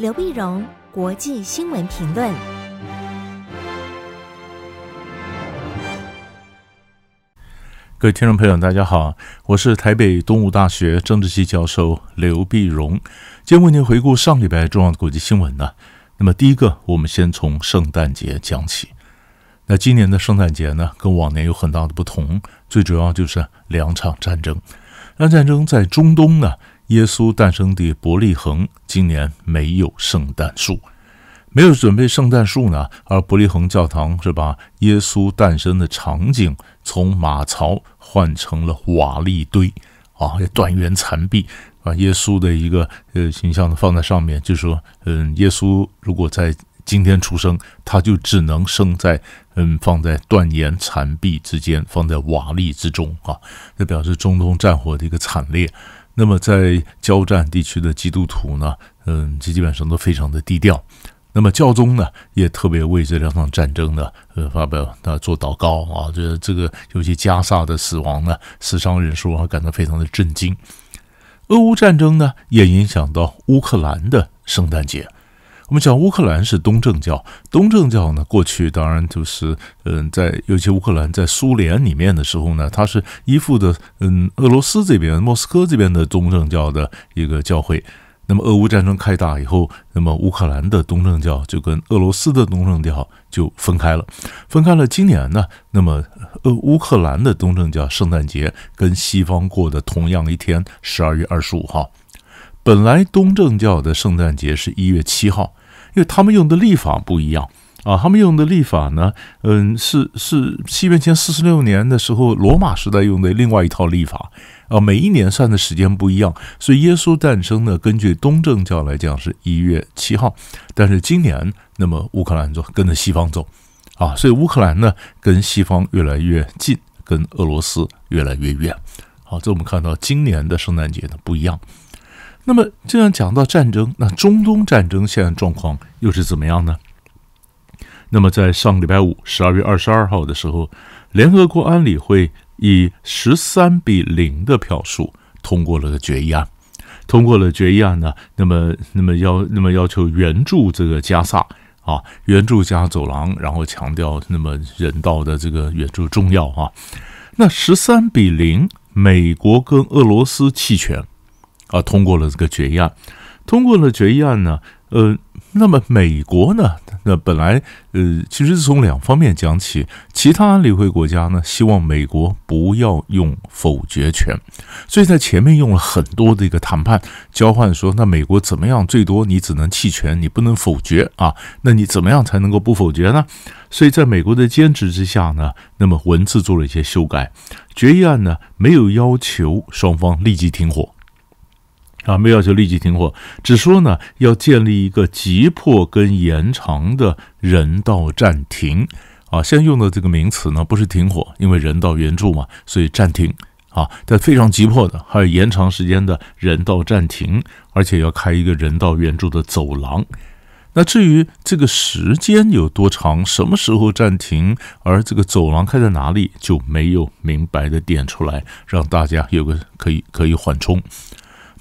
劉必榮國際新聞評論。各位聽眾朋友，大家好，我是台北東吳大學政治系教授劉必榮。今天為您回顧上禮拜重要的國際新聞呢。那麼第一個，我們先從聖誕節講起。那今年的聖誕節呢，跟往年有很大的不同，最主要就是兩場戰爭。那戰爭在中東呢，耶穌誕生地伯利恆今年沒有聖誕樹，沒有準備聖誕樹呢。而伯利恆教堂，是把耶穌誕生的場景從馬槽換成了瓦礫堆啊，斷垣殘壁把、啊、耶穌的一個呃形象的放在上面，就是說，嗯，耶穌如果在今天出生，他就只能生在嗯，放在斷垣殘壁之間，放在瓦礫之中啊。這表示中東戰火的一個慘烈。那麼，在交戰地區的基督徒呢，嗯，基本上都非常的低調。那麼，教宗呢，也特別為這兩場戰爭呢，呃，發表他做禱告啊。這、這個，尤其加薩的死亡呢，死傷人數啊，感到非常的震驚。俄烏戰爭呢，也影響到烏克蘭的聖誕節。我們講烏克蘭是東正教，東正教呢，過去當然就是，嗯，在尤其烏克蘭在蘇聯裡面的時候呢，它是依附的，嗯，俄羅斯這邊、莫斯科這邊的東正教的一個教會。那麼俄烏戰爭開打以後，那麼烏克蘭的東正教就跟俄羅斯的東正教就分開了。分開了，今年呢，那麼呃烏克蘭的東正教聖誕節跟西方過的同樣一天，十二月二十五號。本來東正教的聖誕節是一月七號。因為他們用的曆法不一樣啊，他們用的曆法呢，嗯，是是西元前四十六年的時候羅馬時代用的另外一套曆法，啊，每一年算的時間不一樣，所以耶穌誕生呢，根據東正教來講是一月七號，但是今年那麼烏克蘭就跟着西方走，啊，所以烏克蘭呢跟西方越來越近，跟俄羅斯越來越遠，好，啊，這我們看到今年的聖誕節呢不一樣。那麼，既然講到戰爭，那中東戰爭現在狀況又是怎麼樣呢？那麼，在上個禮拜五，十二月二十二號的時候，聯合國安理會以十三比零的票數通過了決議案。通過了決議案呢，那麼，那麼要那麼要求援助這個加薩啊，援助加走廊，然後強調那麼人道的這個援助重要啊。那十三比零，美國跟俄羅斯棄權。啊，通過了這個決議案。通過了決議案呢，呃，那麼美國呢，那本來呃，其實是從兩方面講起。其他安理會國家呢，希望美國不要用否決權，所以在前面用了很多的一個談判交換說，說那美國怎麼樣？最多你只能棄權，你不能否決啊。那你怎麼樣才能夠不否決呢？所以在美國的堅持之下呢，那麼文字做了一些修改，決議案呢沒有要求雙方立即停火。啊，沒有要求立即停火，只說呢要建立一個急迫跟延長的人道暫停。啊，現在用的這個名詞呢不是停火，因為人道援助嘛，所以暫停。啊，但非常急迫的，還有延長時間的人道暫停，而且要開一個人道援助的走廊。那至於這個時間有多長，什麼時候暫停，而這個走廊開在哪裡，就沒有明白的點出來，讓大家有個可以可以緩衝。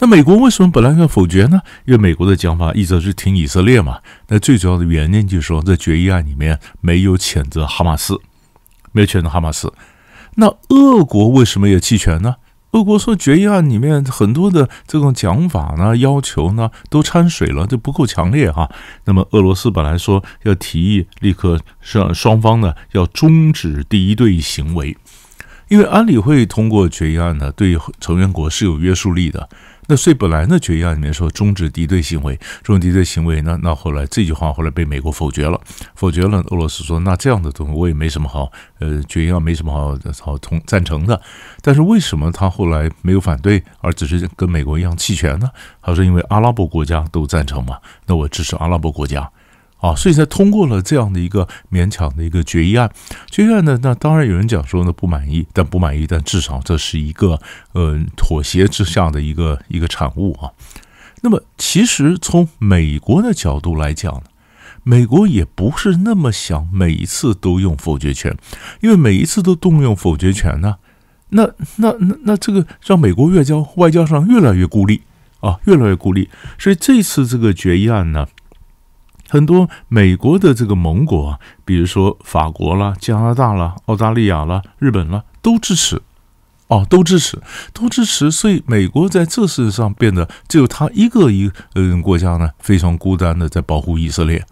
那美國為什麼本來要否決呢？因為美國的講法一直是挺以色列嘛。那最主要的原因就是說，在決議案裡面沒有譴責哈馬斯，沒有譴責哈馬斯。那俄國為什麼也棄權呢？俄國說決議案裡面很多的這種講法呢，要求呢都摻水了，這不夠強烈哈。那麼俄羅斯本來說要提議立刻讓雙方呢要終止第一對行為，因為安理會通過決議案呢，對成員國是有約束力的。那所以本來的決議案裡面說終止敵對行為，這種敵對行為呢。那後來這句話後來被美國否決了，否決了。俄羅斯說那這樣的東西我也沒什麼好，呃，決議案沒什麼好好同贊成的。但是為什麼他後來沒有反對，而只是跟美國一樣棄權呢？他說因為阿拉伯國家都贊成嘛，那我支持阿拉伯國家。啊，所以才通過了這樣的一個勉強的一個決議案。決議案呢，那當然有人講說呢，不滿意，但不滿意，但至少這是一個、呃、妥協之下的一個一個產物啊。那麼其實從美國的角度來講，美國也不是那麼想每一次都用否決權，因為每一次都動用否決權呢，啊，那那那那這個讓美國外交外交上越來越孤立啊，越來越孤立。所以這次這個決議案呢，很多美國的這個盟國，比如說法國啦、加拿大啦、澳大利亞啦、日本啦，都支持，哦，都支持，都支持。所以美國在這事上變得只有他一個一個嗯國家呢，非常孤單的在保護以色列。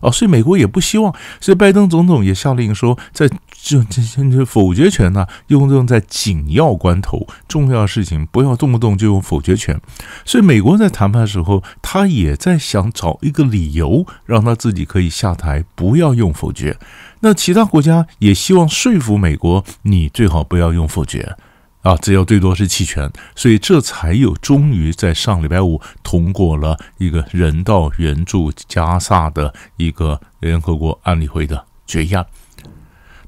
哦，所以美國也不希望，所以拜登總統也下令說，在。就這些，否決權呢、啊，用用在緊要關頭、重要的事情，不要動不動就用否決權。所以，美國在談判的時候，他也在想找一個理由，讓他自己可以下台，不要用否決。那其他國家也希望說服美國，你最好不要用否決啊，只要最多是棄權。所以，這才有終於在上禮拜五通過了一個人道援助加薩的一個聯合國安理會的決議案。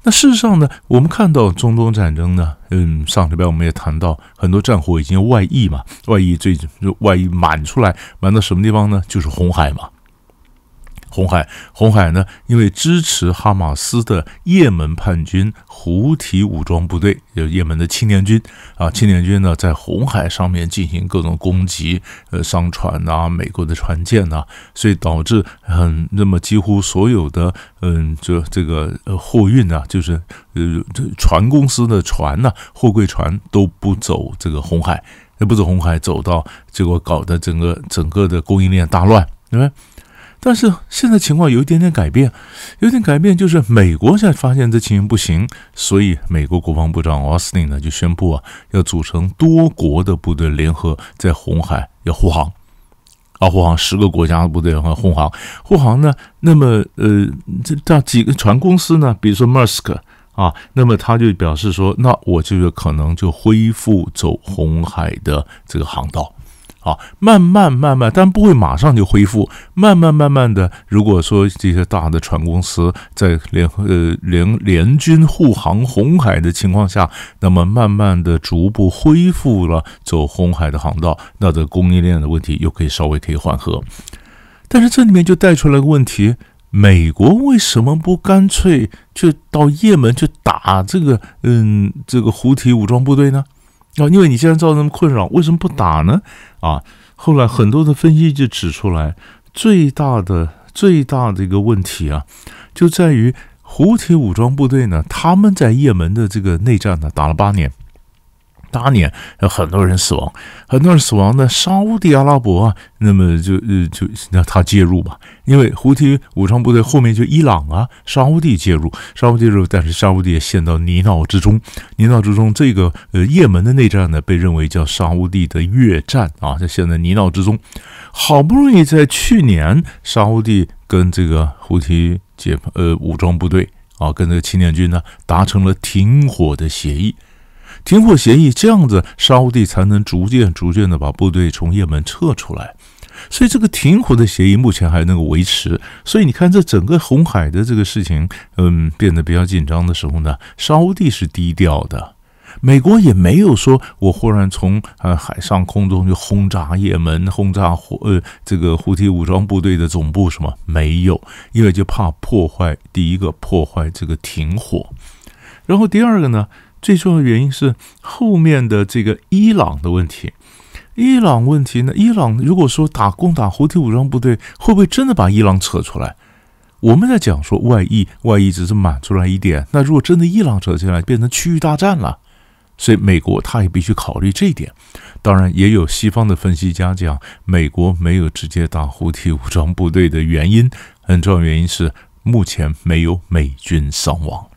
那事實上呢，我們看到中東戰爭呢，嗯，上禮拜我們也談到很多戰火已經有外溢嘛，外溢最，外溢滿出來，滿到什麼地方呢？就是紅海嘛。紅海，紅海呢，因為支持哈馬斯的也門叛軍胡提武裝部隊，就也門的青年軍啊，青年軍呢，在紅海上面進行各種攻擊，呃，商船吶、啊，美國的船艦吶、啊，所以導致很、嗯、那麼幾乎所有的嗯，這這個貨運吶、啊，就是呃，這船公司的船吶、啊，貨櫃船都不走這個紅海，也不走紅海，走到結果搞得整個整個的供應鏈大亂，對吧？但是現在情況有一點點改變，有點改變就是美國現在發現這情形不行，所以美國國防部長奧斯汀呢就宣布啊，要組成多國的部隊聯合在紅海要護航啊，護航十個國家的部隊和護航護航呢，那麼呃這到幾個船公司呢，比如說馬士基啊，那麼他就表示說，那我就有可能就恢復走紅海的這個航道。啊，慢慢慢慢，但不會馬上就恢復。慢慢慢慢的，如果說這些大的船公司在聯合呃聯聯軍護航紅海的情況下，那麼慢慢的逐步恢復了走紅海的航道，那這供應鏈的問題又可以稍微可以緩和。但是這裡面就帶出來個問題：美國為什麼不乾脆就到也門去打這個嗯這個胡提武裝部隊呢？啊、哦，因為你既然造成困擾，為什麼不打呢？啊，後來很多的分析就指出來，最大的最大的一個問題啊，就在於胡鐵武裝部隊呢，他們在葉門的這個內戰呢，打了八年。當年有很多人死亡，很多人死亡的沙烏地阿拉伯，那麼就呃就讓他介入吧，因為胡提武裝部隊後面就伊朗啊，沙烏地介入，沙烏地介入，但是沙烏地也陷到泥淖之中，泥淖之中，這個呃葉門的內戰呢，被認為叫沙烏地的越戰啊，就陷在泥淖之中。好不容易在去年，沙烏地跟這個胡提解呃武裝部隊啊，跟這個青年軍呢達成了停火的協議。停火協議這樣子，沙烏地才能逐漸、逐漸的把部隊從也門撤出來。所以，這個停火的協議目前還能夠維持。所以，你看這整個紅海的這個事情，嗯，變得比較緊張的時候呢，沙烏地是低調的，美國也沒有說我忽然從呃海上、空中去轟炸也門，轟炸胡呃這個胡提武裝部隊的總部什麼？沒有，因為就怕破壞，第一個破壞這個停火，然後第二個呢？最重要的原因是後面的這個伊朗的問題。伊朗問題呢？伊朗如果說打攻打胡提武裝部隊，會不會真的把伊朗扯出來？我們在講說外溢，外溢只是滿出來一點。那如果真的伊朗扯進來，變成區域大戰了，所以美國他也必須考慮這一點。當然，也有西方的分析家講，美國沒有直接打胡提武裝部隊的原因，很重要的原因是目前沒有美軍傷亡。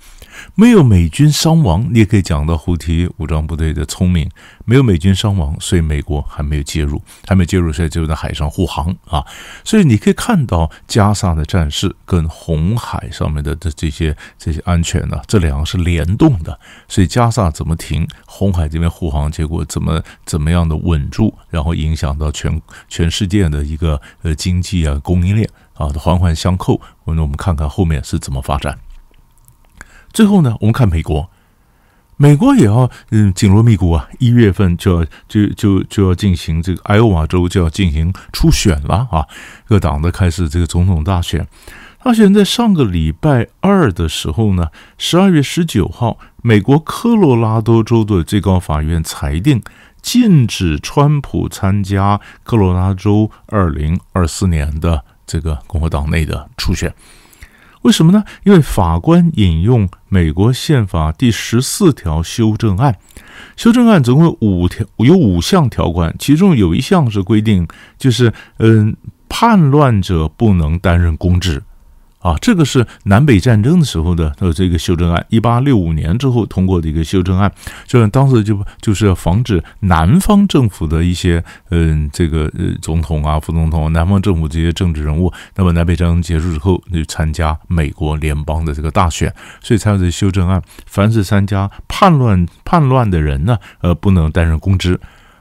沒有美軍傷亡，你也可以講到胡提武裝部隊的聰明。沒有美軍傷亡，所以美國還沒有介入，還沒介入，所以就在海上護航啊。所以你可以看到，加沙的戰事跟紅海上面的這這些這些安全呢、啊，這兩個是聯動的。所以加沙怎麼停，紅海這邊護航結果怎麼怎麼樣的穩住，然後影響到全全世界的一個呃經濟啊供應鏈啊，環環相扣。我們我們看看後面是怎麼發展。最後呢，我們看美國，美國也要嗯緊鑼密鼓啊，一月份就要就就就要進行這個愛奧瓦州就要進行初選了啊，各黨的開始這個總統大選。大選在上個禮拜二的時候呢，十二月十九號，美國科羅拉多州的最高法院裁定，禁止川普參加科羅拉多州二零二四年的這個共和黨內的初選。為什麼呢？因為法官引用美國憲法第十四條修正案，修正案總共有五條，有五項條款，其中有一項是規定，就是嗯，叛亂者不能擔任公職。啊，這個是南北戰爭的時候的呃這個修正案，一八六五年之後通過的一個修正案，就是當時就就是要防止南方政府的一些嗯、呃、這個呃總統啊、副總統、啊、南方政府這些政治人物，那麼南北戰爭結束之後就參加美國聯邦的這個大選，所以才有這個修正案，凡是參加叛亂叛亂的人呢，呃不能擔任公職。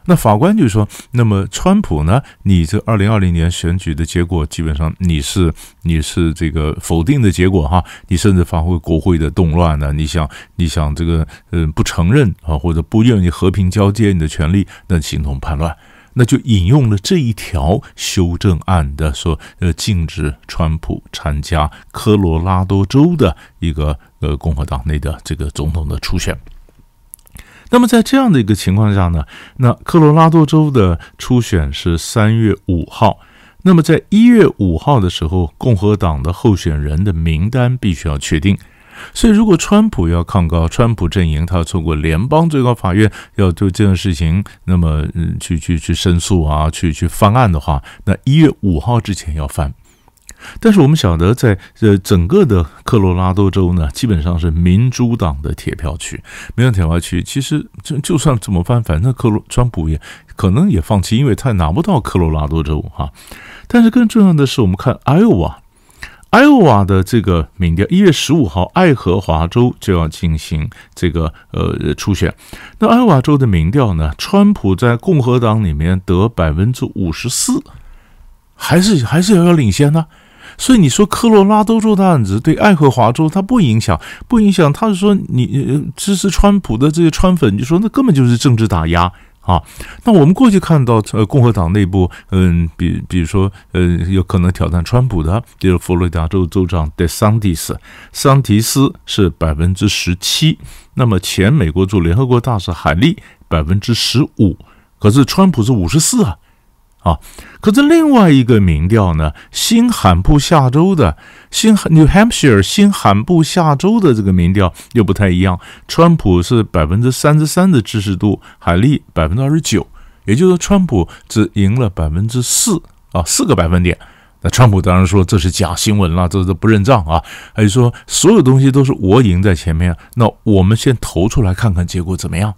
那法官就說：“那麼，川普呢？你這二零二零年選舉的結果，基本上你是你是這個否定的結果哈。你甚至發揮國會的動亂呢、啊？你想你想這個嗯、呃、不承認啊，或者不願意和平交接你的權利，那形同叛亂。那就引用了這一條修正案的說，呃，禁止川普參加科羅拉多州的一個呃共和黨內的這個總統的初選。”那麼在這樣的一個情況下呢，那科羅拉多州的初選是三月五號。那麼在一月五號的時候，共和黨的候選人的名單必須要確定。所以，如果川普要抗告，川普陣營他要透過聯邦最高法院要做這件事情，那麼嗯，去去去申訴啊，去去翻案的話，那一月五號之前要翻。但是我們曉得，在呃整個的科羅拉多州呢，基本上是民主黨的鐵票區，民主鐵票區。其實就就算怎麼翻，反正克羅川普也可能也放棄，因為他也拿不到科羅拉多州哈、啊。但是更重要的是，我們看艾奧瓦，艾奧瓦的這個民調，一月十五號，愛荷華州就要進行這個呃初選。那艾奧瓦州的民調呢，川普在共和黨裡面得百分之五十四，還是還是遙遙領先呢、啊。所以你說科羅拉多州的案子，對愛荷華州它不影響，不影響。他是說你支持川普的這些川粉，你說那根本就是政治打壓啊。那我們過去看到，呃，共和黨內部，嗯，比比如說，呃，有可能挑戰川普的，就是佛羅里達州州長德桑蒂斯，桑提斯是百分之十七，那麼前美國駐聯合國大使海利百分之十五，可是川普是五十四啊。啊！可是另外一個民調呢，新罕布夏州的，新 New Hampshire，新罕布夏州的這個民調又不太一樣。川普是百分之三十三的支持度，海利百分之二十九，也就是說川普只贏了百分之四啊，四個百分點。那川普當然說這是假新聞啦，這是不認賬啊，還是說所有東西都是我贏在前面？那我們先投出來看看結果怎麼樣。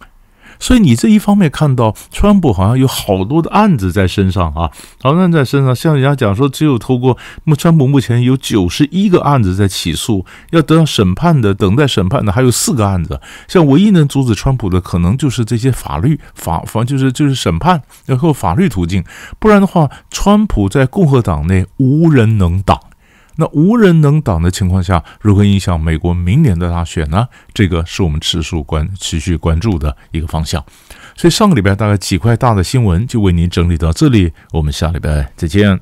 所以你這一方面看到，川普好像有好多的案子在身上啊，好像在身上。像人家講說，只有透過，川普目前有九十一個案子在起訴，要得到審判的，等待審判的還有四個案子。像唯一能阻止川普的，可能就是這些法律法法，就是就是審判，要靠法律途徑。不然的話，川普在共和黨內無人能擋。那無人能擋的情況下，如何影響美國明年的大選呢？這個是我們持續關持續關注的一個方向。所以上個禮拜大概幾塊大的新聞就為您整理到這裡，我們下禮拜再見。